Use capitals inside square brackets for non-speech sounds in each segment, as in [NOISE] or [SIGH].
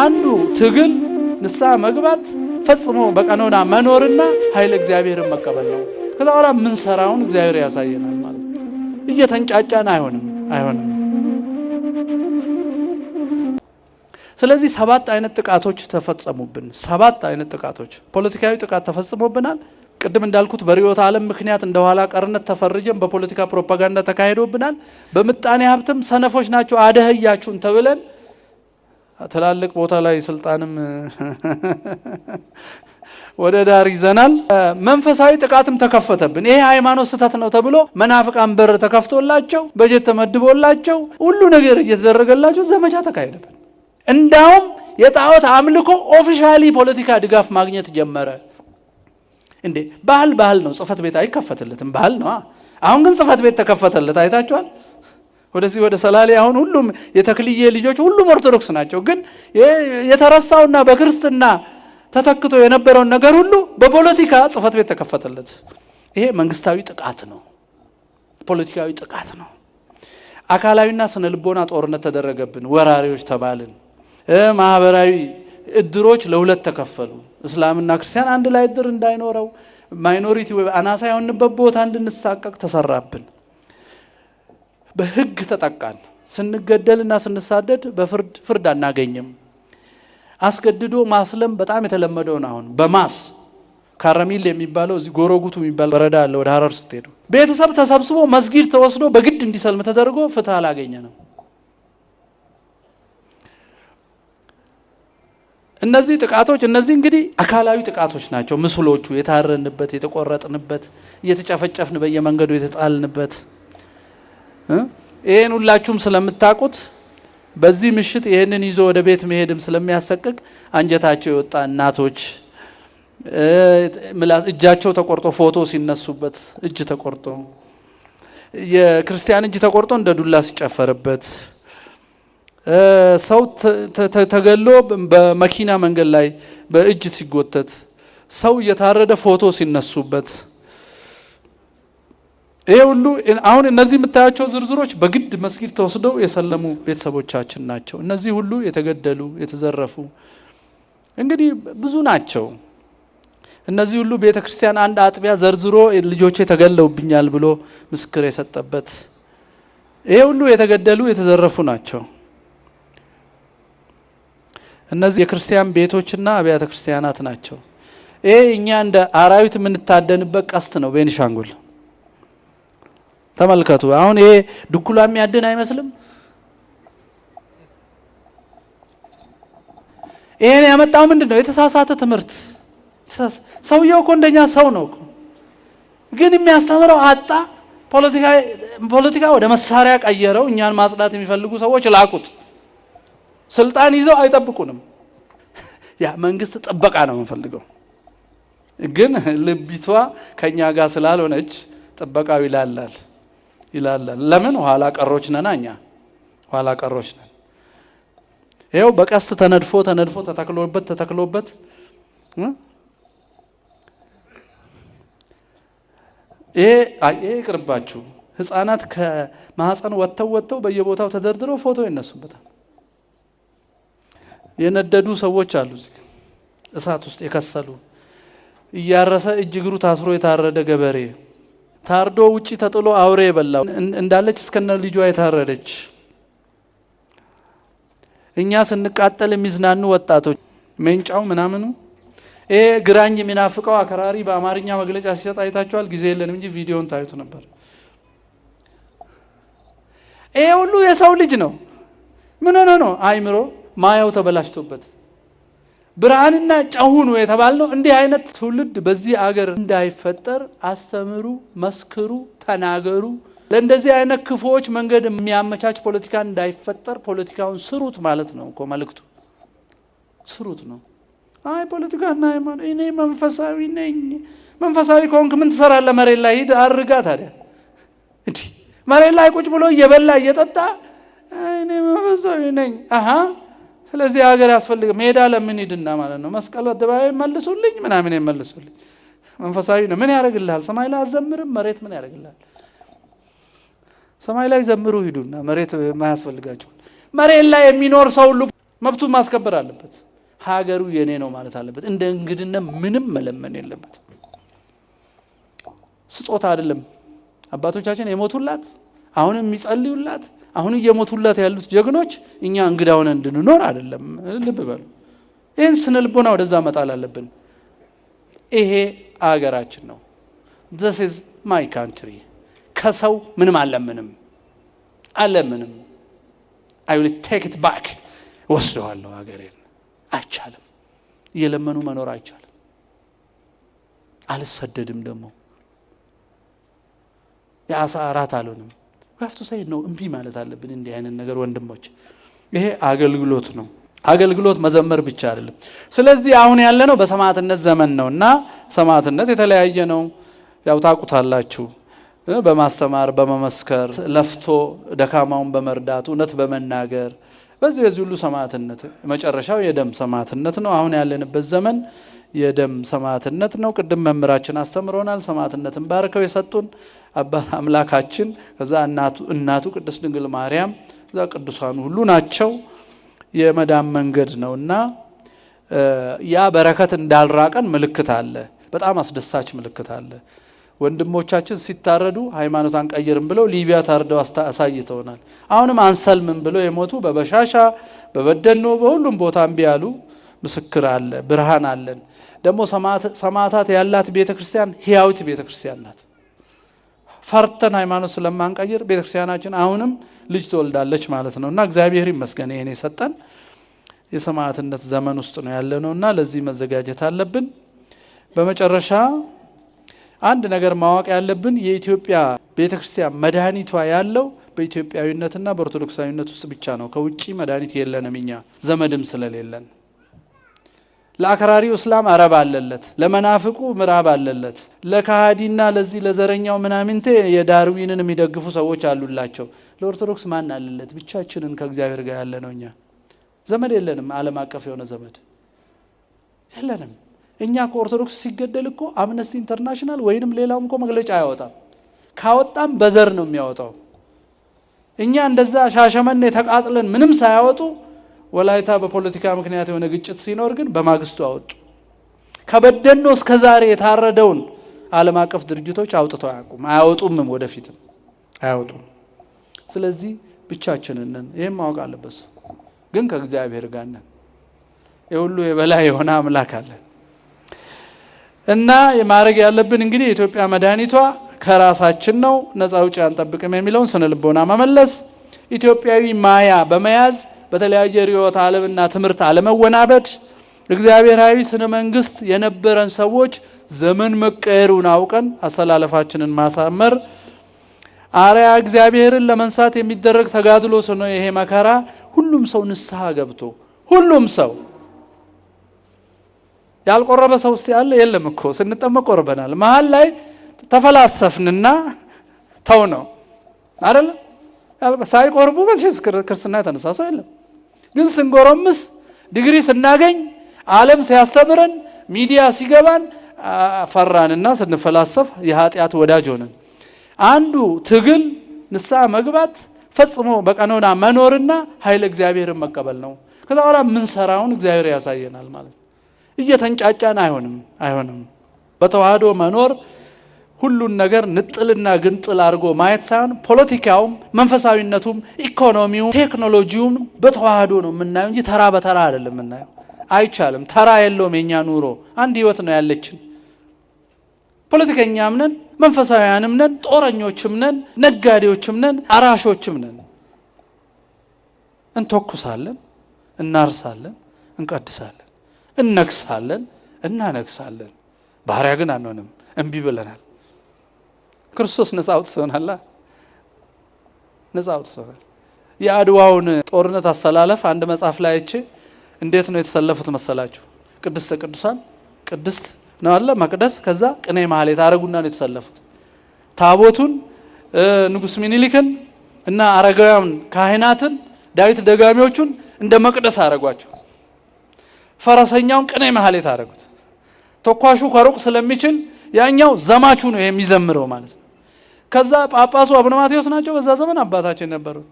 አንዱ ትግል ንስሐ መግባት ፈጽሞ በቀኖና መኖርና ኃይል እግዚአብሔርን መቀበል ነው። ከዛ በኋላ ምንሰራውን እግዚአብሔር ያሳየናል ማለት ነው። እየተንጫጫን አይሆንም አይሆንም። ስለዚህ ሰባት አይነት ጥቃቶች ተፈጸሙብን። ሰባት አይነት ጥቃቶች ፖለቲካዊ ጥቃት ተፈጽሞብናል። ቅድም እንዳልኩት በርዕዮተ ዓለም ምክንያት እንደ ኋላ ቀርነት ተፈርጀን በፖለቲካ ፕሮፓጋንዳ ተካሂዶብናል። በምጣኔ ሀብትም ሰነፎች ናቸው አደህያችሁን ተብለን ትላልቅ ቦታ ላይ ስልጣንም [LAUGHS] ወደ ዳር ይዘናል። መንፈሳዊ ጥቃትም ተከፈተብን። ይሄ ሃይማኖት ስህተት ነው ተብሎ መናፍቃን በር ተከፍቶላቸው በጀት ተመድቦላቸው ሁሉ ነገር እየተደረገላቸው ዘመቻ ተካሄደብን። እንዳውም የጣዖት አምልኮ ኦፊሻሊ ፖለቲካ ድጋፍ ማግኘት ጀመረ። እንዴ ባህል ባህል ነው። ጽህፈት ቤት አይከፈትለትም። ባህል ነው አሁን ግን ጽህፈት ቤት ተከፈተለት። አይታችኋል። ወደዚህ ወደ ሰላሌ አሁን ሁሉም የተክልዬ ልጆች ሁሉም ኦርቶዶክስ ናቸው። ግን የተረሳውና በክርስትና ተተክቶ የነበረውን ነገር ሁሉ በፖለቲካ ጽህፈት ቤት ተከፈተለት። ይሄ መንግስታዊ ጥቃት ነው፣ ፖለቲካዊ ጥቃት ነው። አካላዊና ስነ ልቦና ጦርነት ተደረገብን፣ ወራሪዎች ተባልን። ማህበራዊ እድሮች ለሁለት ተከፈሉ። እስላምና ክርስቲያን አንድ ላይ እድር እንዳይኖረው ማይኖሪቲ አናሳ የሆንበት ቦታ እንድንሳቀቅ ተሰራብን። በህግ ተጠቃን። ስንገደልና ስንሳደድ በፍርድ ፍርድ አናገኝም። አስገድዶ ማስለም በጣም የተለመደውን አሁን በማስ ካረሚል የሚባለው እዚህ ጎረጉቱ የሚባል በረዳ አለ። ወደ ሀረር ስትሄዱ ቤተሰብ ተሰብስቦ መስጊድ ተወስዶ በግድ እንዲሰልም ተደርጎ ፍትህ አላገኘ ነው። እነዚህ ጥቃቶች እነዚህ እንግዲህ አካላዊ ጥቃቶች ናቸው። ምስሎቹ የታረንበት፣ የተቆረጥንበት፣ እየተጨፈጨፍን በየመንገዱ የተጣልንበት ይህን ሁላችሁም ስለምታቁት በዚህ ምሽት ይህንን ይዞ ወደ ቤት መሄድም ስለሚያሰቅቅ አንጀታቸው የወጣ እናቶች እጃቸው ተቆርጦ ፎቶ ሲነሱበት እጅ ተቆርጦ የክርስቲያን እጅ ተቆርጦ እንደ ዱላ ሲጨፈርበት ሰው ተገሎ በመኪና መንገድ ላይ በእጅ ሲጎተት ሰው እየታረደ ፎቶ ሲነሱበት ይሄ ሁሉ አሁን እነዚህ የምታያቸው ዝርዝሮች በግድ መስጊድ ተወስደው የሰለሙ ቤተሰቦቻችን ናቸው። እነዚህ ሁሉ የተገደሉ የተዘረፉ እንግዲህ ብዙ ናቸው። እነዚህ ሁሉ ቤተ ክርስቲያን አንድ አጥቢያ ዘርዝሮ ልጆቼ ተገለውብኛል ብሎ ምስክር የሰጠበት ይሄ ሁሉ የተገደሉ የተዘረፉ ናቸው። እነዚህ የክርስቲያን ቤቶችና አብያተ ክርስቲያናት ናቸው። ይሄ እኛ እንደ አራዊት የምንታደንበት ቀስት ነው ቤኒሻንጉል ተመልከቱ። አሁን ይሄ ድኩላ የሚያድን አይመስልም? ይሄን ያመጣው ምንድን ነው? የተሳሳተ ትምህርት። ሰውየው እኮ እንደኛ ሰው ነው፣ ግን የሚያስተምረው አጣ። ፖለቲካ ወደ መሳሪያ ቀየረው። እኛን ማጽዳት የሚፈልጉ ሰዎች ላቁት ስልጣን ይዘው አይጠብቁንም። [LAUGHS] ያ መንግስት ጥበቃ ነው የምንፈልገው፣ ግን ልቢቷ ከእኛ ጋር ስላልሆነች ጥበቃው ይላላል። ይላል። ለምን ኋላ ቀሮች ነና እኛ ኋላ ቀሮች ነን። ይኸው በቀስት ተነድፎ ተነድፎ ተተክሎበት ተተክሎበት ይሄ ይቅርባችሁ። ህፃናት ከማህፀን ወጥተው ወጥተው በየቦታው ተደርድረው ፎቶ ይነሱበታል። የነደዱ ሰዎች አሉ እሳት ውስጥ የከሰሉ እያረሰ እጅ እግሩ ታስሮ የታረደ ገበሬ ታርዶ ውጪ ተጥሎ አውሬ የበላው እንዳለች እስከነ ልጇ የታረደች እኛ ስንቃጠል የሚዝናኑ ወጣቶች መንጫው ምናምኑ ይሄ ግራኝ የሚናፍቀው አከራሪ በአማርኛ መግለጫ ሲሰጥ አይታችኋል። ጊዜ የለንም እንጂ ቪዲዮን ታዩት ነበር። ይሄ ሁሉ የሰው ልጅ ነው። ምን ሆነ ነው? አይምሮ ማያው ተበላሽቶበት ብርሃንና ጨው ነው የተባልነው። እንዲህ አይነት ትውልድ በዚህ አገር እንዳይፈጠር አስተምሩ፣ መስክሩ፣ ተናገሩ። ለእንደዚህ አይነት ክፉዎች መንገድ የሚያመቻች ፖለቲካ እንዳይፈጠር ፖለቲካውን ስሩት ማለት ነው እኮ መልእክቱ። ስሩት ነው። አይ ፖለቲካና ሃይማኖት፣ እኔ መንፈሳዊ ነኝ። መንፈሳዊ ከሆንክ ምን ትሰራለህ? መሬት ላይ ሂድ አርጋ። ታዲያ መሬት ላይ ቁጭ ብሎ እየበላ እየጠጣ እኔ መንፈሳዊ ነኝ ስለዚህ ሀገር ያስፈልገ ሜዳ ለምን ሂድና ማለት ነው። መስቀል አደባባይ መልሱልኝ ምናምን መልሱልኝ መንፈሳዊ ነው። ምን ያደርግልሃል? ሰማይ ላይ አዘምርም መሬት ምን ያደርግልሃል? ሰማይ ላይ ዘምሩ ሂዱና መሬት ማያስፈልጋቸው መሬት ላይ የሚኖር ሰው ሁሉ መብቱን ማስከበር አለበት። ሀገሩ የኔ ነው ማለት አለበት። እንደ እንግድነት ምንም መለመን የለበት። ስጦታ አይደለም። አባቶቻችን የሞቱላት አሁንም የሚጸልዩላት አሁን እየሞቱላት ያሉት ጀግኖች እኛ እንግዳ ሆነ እንድንኖር አይደለም። ልብ በሉ። ይህን ስነ ልቦና ወደዛ መጣል አለብን። ይሄ አገራችን ነው። ዚስ ኢዝ ማይ ካንትሪ። ከሰው ምንም አለምንም አለምንም። አይ ዊል ቴክ ኢት ባክ። ወስደዋለሁ አገሬን አይቻልም፣ እየለመኑ መኖር አይቻልም። አልሰደድም ደግሞ የአሳ አራት አልሆንም። ሀፍቱ ሳይ ነው እምቢ ማለት አለብን። እንዲህ አይነት ነገር ወንድሞች፣ ይሄ አገልግሎት ነው። አገልግሎት መዘመር ብቻ አይደለም። ስለዚህ አሁን ያለነው በሰማዕትነት ዘመን ነው እና ሰማዕትነት የተለያየ ነው። ያው ታቁታላችሁ በማስተማር በመመስከር ለፍቶ ደካማውን በመርዳት እውነት በመናገር በዚህ በዚህ ሁሉ ሰማዕትነት፣ መጨረሻው የደም ሰማዕትነት ነው አሁን ያለንበት ዘመን የደም ሰማዕትነት ነው። ቅድም መምህራችን አስተምሮናል። ሰማዕትነትን ባርከው የሰጡን አባት አምላካችን፣ ከዛ እናቱ ቅድስት ድንግል ማርያም፣ ከዛ ቅዱሳን ሁሉ ናቸው። የመዳን መንገድ ነው እና ያ በረከት እንዳልራቀን ምልክት አለ። በጣም አስደሳች ምልክት አለ። ወንድሞቻችን ሲታረዱ ሃይማኖት አንቀይርም ብለው ሊቢያ ታርደው አሳይተውናል። አሁንም አንሰልምም ብለው የሞቱ በበሻሻ በበደኖ በሁሉም ቦታ እምቢ ምስክር አለ፣ ብርሃን አለን። ደግሞ ሰማዕታት ያላት ቤተ ክርስቲያን ህያዊት ቤተ ክርስቲያን ናት። ፈርተን ሃይማኖት ስለማንቀይር ቤተ ክርስቲያናችን አሁንም ልጅ ትወልዳለች ማለት ነው እና እግዚአብሔር ይመስገን ይሄን የሰጠን የሰማዕትነት ዘመን ውስጥ ነው ያለ ነው እና ለዚህ መዘጋጀት አለብን። በመጨረሻ አንድ ነገር ማወቅ ያለብን የኢትዮጵያ ቤተ ክርስቲያን መድኃኒቷ ያለው በኢትዮጵያዊነትና በኦርቶዶክሳዊነት ውስጥ ብቻ ነው። ከውጭ መድኃኒት የለንም እኛ ዘመድም ስለሌለን ለአክራሪው እስላም አረብ አለለት፣ ለመናፍቁ ምዕራብ አለለት፣ ለካሃዲና ለዚህ ለዘረኛው ምናምንቴ የዳርዊንን የሚደግፉ ሰዎች አሉላቸው። ለኦርቶዶክስ ማን አለለት? ብቻችንን ከእግዚአብሔር ጋር ያለ ነው። እኛ ዘመድ የለንም፣ ዓለም አቀፍ የሆነ ዘመድ የለንም። እኛ ከኦርቶዶክስ ሲገደል እኮ አምነስቲ ኢንተርናሽናል ወይንም ሌላውም እኮ መግለጫ አያወጣም። ካወጣም በዘር ነው የሚያወጣው። እኛ እንደዛ ሻሸመኔ ተቃጥለን ምንም ሳያወጡ ወላይታ በፖለቲካ ምክንያት የሆነ ግጭት ሲኖር ግን በማግስቱ አወጡ። ከበደኖ እስከ ዛሬ የታረደውን ዓለም አቀፍ ድርጅቶች አውጥተው አያውቁም፣ አያወጡምም፣ ወደፊትም አያወጡም። ስለዚህ ብቻችንንን ይህም ማወቅ አለበት ግን ከእግዚአብሔር ጋር ነን። የሁሉ የበላይ የሆነ አምላክ አለን እና ማድረግ ያለብን እንግዲህ የኢትዮጵያ መድኃኒቷ ከራሳችን ነው፣ ነፃ ውጪ አንጠብቅም የሚለውን ስነ ልቦና መመለስ ኢትዮጵያዊ ማያ በመያዝ በተለያየ ርዕዮተ ዓለምና ትምህርት አለመወናበድ እግዚአብሔራዊ ስነ መንግስት የነበረን ሰዎች ዘመን መቀየሩን አውቀን አሰላለፋችንን ማሳመር አርያ እግዚአብሔርን ለመንሳት የሚደረግ ተጋድሎ ስነ ይሄ መከራ ሁሉም ሰው ንስሐ ገብቶ ሁሉም ሰው ያልቆረበ ሰው ውስጥ ያለ የለም እኮ ስንጠመቅ ቆርበናል። መሀል ላይ ተፈላሰፍንና ተው ነው አይደለም። ሳይቆርቡ በ ክርስትና የተነሳ ሰው የለም። ግን ስንጎረምስ ድግሪ ስናገኝ አለም ሲያስተምረን ሚዲያ ሲገባን ፈራንና ስንፈላሰፍ የኃጢአት ወዳጅ ሆነን። አንዱ ትግል ንሳ መግባት ፈጽሞ በቀኖና መኖርና ኃይል እግዚአብሔርን መቀበል ነው። ከዛ በኋላ የምንሰራውን እግዚአብሔር ያሳየናል ማለት እየተንጫጫን አይሆንም አይሆንም። በተዋህዶ መኖር ሁሉን ነገር ንጥልና ግንጥል አድርጎ ማየት ሳይሆን ፖለቲካውም፣ መንፈሳዊነቱም፣ ኢኮኖሚውም፣ ቴክኖሎጂውም በተዋህዶ ነው የምናየው እንጂ ተራ በተራ አይደለም የምናየው። አይቻልም። ተራ የለውም የኛ ኑሮ። አንድ ህይወት ነው ያለችን። ፖለቲከኛም ነን፣ መንፈሳዊያንም ነን፣ ጦረኞችም ነን፣ ነጋዴዎችም ነን፣ አራሾችም ነን። እንተኩሳለን፣ እናርሳለን፣ እንቀድሳለን፣ እነግሳለን፣ እናነግሳለን። ባሪያ ግን አንሆንም። እምቢ ብለናል። ክርስቶስ ነፃ አውጥቶናል። ነፃ አውጥቶናል። የአድዋውን ጦርነት አሰላለፍ አንድ መጽሐፍ ላይ እቺ እንዴት ነው የተሰለፉት መሰላችሁ? ቅድስተ ቅዱሳን ቅድስት ነው አለ መቅደስ፣ ከዛ ቅኔ ማህሌት አረጉና ነው የተሰለፉት። ታቦቱን ንጉስ ሚኒሊክን እና አረጋውያን ካህናትን ዳዊት ደጋሚዎቹን እንደ መቅደስ አረጓቸው። ፈረሰኛውን ቅኔ ማህሌት አረጉት። ተኳሹ ከሩቅ ስለሚችል ያኛው ዘማቹ ነው የሚዘምረው ማለት ነው። ከዛ ጳጳሱ አቡነ ማቴዎስ ናቸው፣ በዛ ዘመን አባታችን ነበሩት።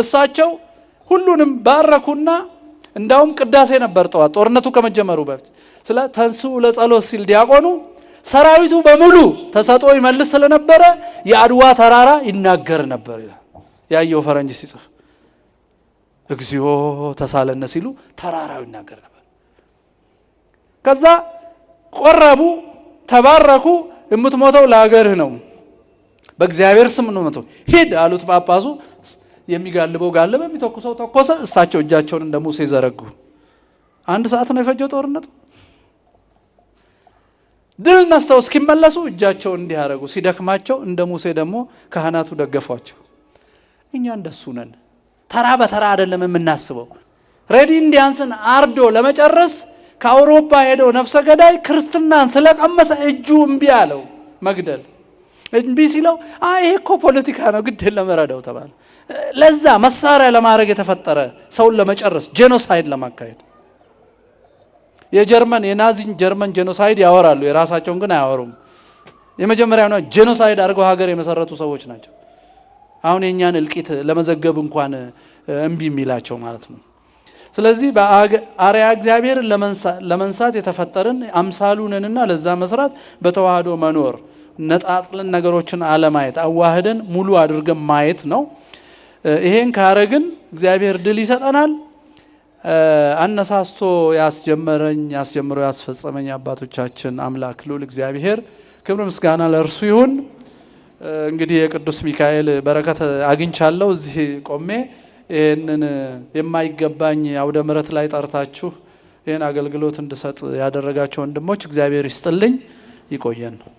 እሳቸው ሁሉንም ባረኩና እንዳውም ቅዳሴ ነበር ጠዋት ጦርነቱ ከመጀመሩ በፊት ስለ ተንስኡ ለጸሎት ሲል ዲያቆኑ ሰራዊቱ በሙሉ ተሰጦ ይመልስ ስለነበረ የአድዋ ተራራ ይናገር ነበር ያየው ፈረንጅ ሲጽፍ እግዚኦ ተሳለነ ሲሉ ተራራው ይናገር ነበር። ከዛ ቆረቡ ተባረኩ። የምትሞተው ለሀገርህ ነው፣ በእግዚአብሔር ስም ነው መተው ሂድ አሉት። ጳጳሱ የሚጋልበው ጋለበ፣ የሚተኩሰው ተኮሰ። እሳቸው እጃቸውን እንደ ሙሴ ዘረጉ። አንድ ሰዓት ነው የፈጀው ጦርነቱ። ድል ነስተው እስኪመለሱ እጃቸውን እንዲህ ሲደክማቸው እንደ ሙሴ ደግሞ ካህናቱ ደገፏቸው። እኛ እንደሱ ነን። ተራ በተራ አይደለም የምናስበው። ሬዲ እንዲያንስን አርዶ ለመጨረስ ከአውሮፓ ሄደው ነፍሰ ገዳይ ክርስትናን ስለቀመሰ እጁ እምቢ አለው መግደል። እምቢ ሲለው ይሄ እኮ ፖለቲካ ነው ግድ ለመረዳው ተባለ። ለዛ መሳሪያ ለማድረግ የተፈጠረ ሰውን ለመጨረስ ጄኖሳይድ ለማካሄድ የጀርመን የናዚን ጀርመን ጄኖሳይድ ያወራሉ፣ የራሳቸውን ግን አያወሩም። የመጀመሪያ ነው ጄኖሳይድ አድርገው ሀገር የመሰረቱ ሰዎች ናቸው። አሁን የእኛን እልቂት ለመዘገብ እንኳን እምቢ የሚላቸው ማለት ነው። ስለዚህ በአርያ እግዚአብሔርን ለመንሳት የተፈጠርን አምሳሉንንና ለዛ መስራት በተዋህዶ መኖር ነጣጥልን ነገሮችን አለማየት አዋህደን ሙሉ አድርገን ማየት ነው። ይሄን ካረግን እግዚአብሔር ድል ይሰጠናል። አነሳስቶ ያስጀመረኝ ያስጀምሮ ያስፈጸመኝ አባቶቻችን አምላክ ልዑል እግዚአብሔር ክብር ምስጋና ለእርሱ ይሁን። እንግዲህ የቅዱስ ሚካኤል በረከት አግኝቻለሁ እዚህ ቆሜ ይህንን የማይገባኝ አውደ ምረት ላይ ጠርታችሁ ይህን አገልግሎት እንድሰጥ ያደረጋቸው ወንድሞች እግዚአብሔር ይስጥልኝ። ይቆየን ነው።